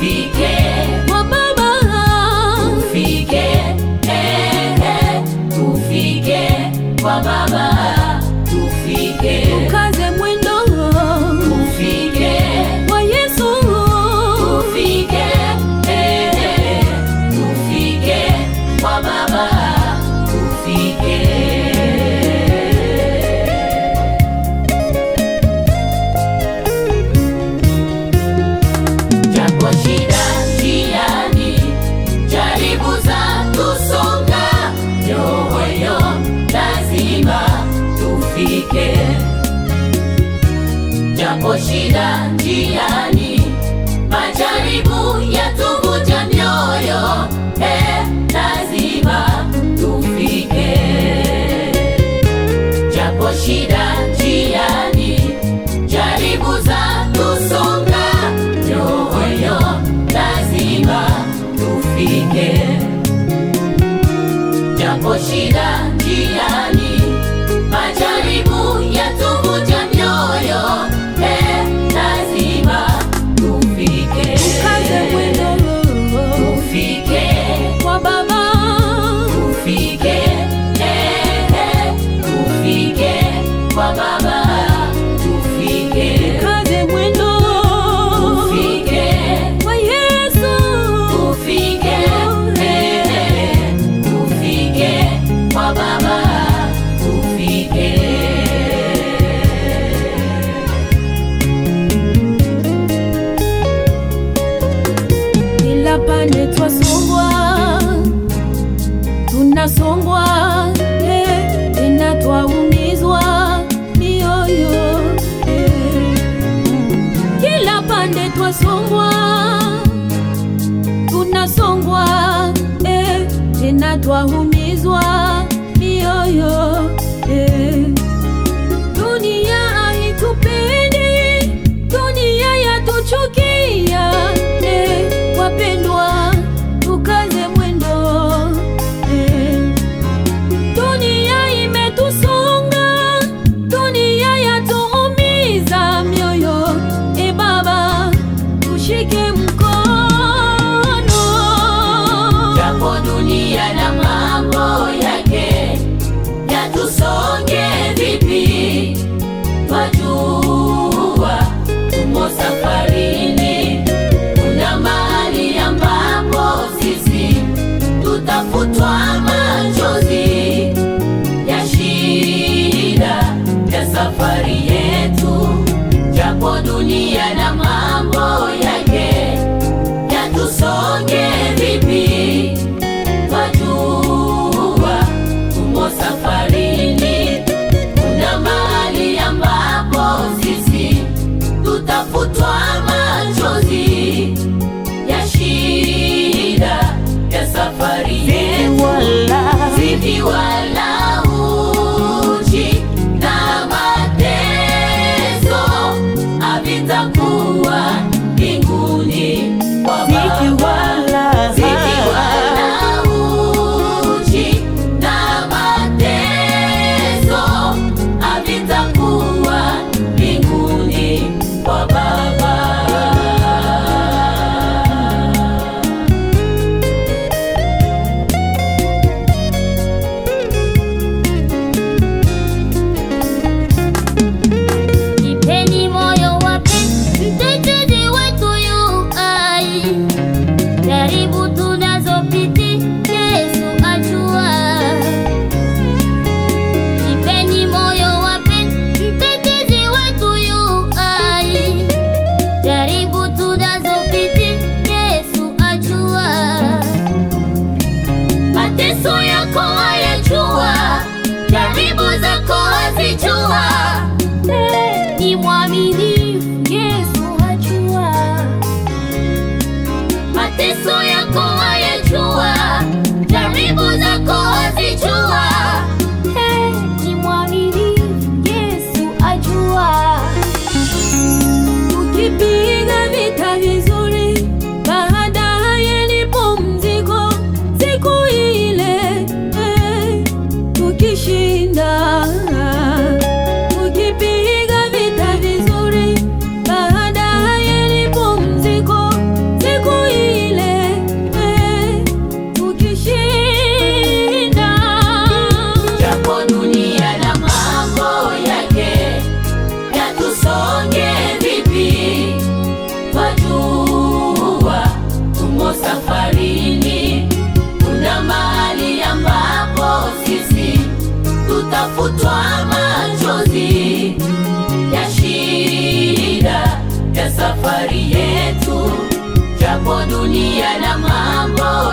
feet. zipo shida njiani, tusonga yohoyo, lazima tufike, japo shida njiani wake, japo shida tena eh, inatwaumizwa mioyo eh, kila pande twasongwa, tunasongwa eh, inatwaumizwa mioyo Unafutwa machozi ya shida ya safari yetu, japo dunia na mambo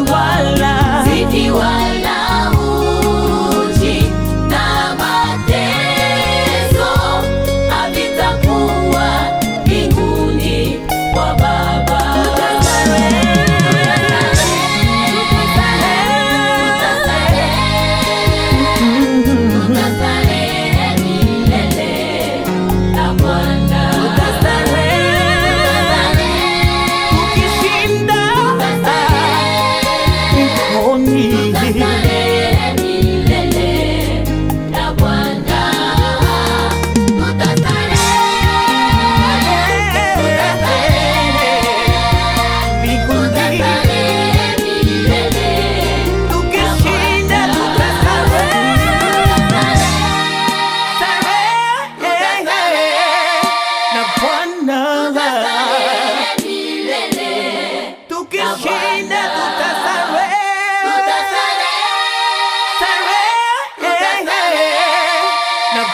why, wise.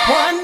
One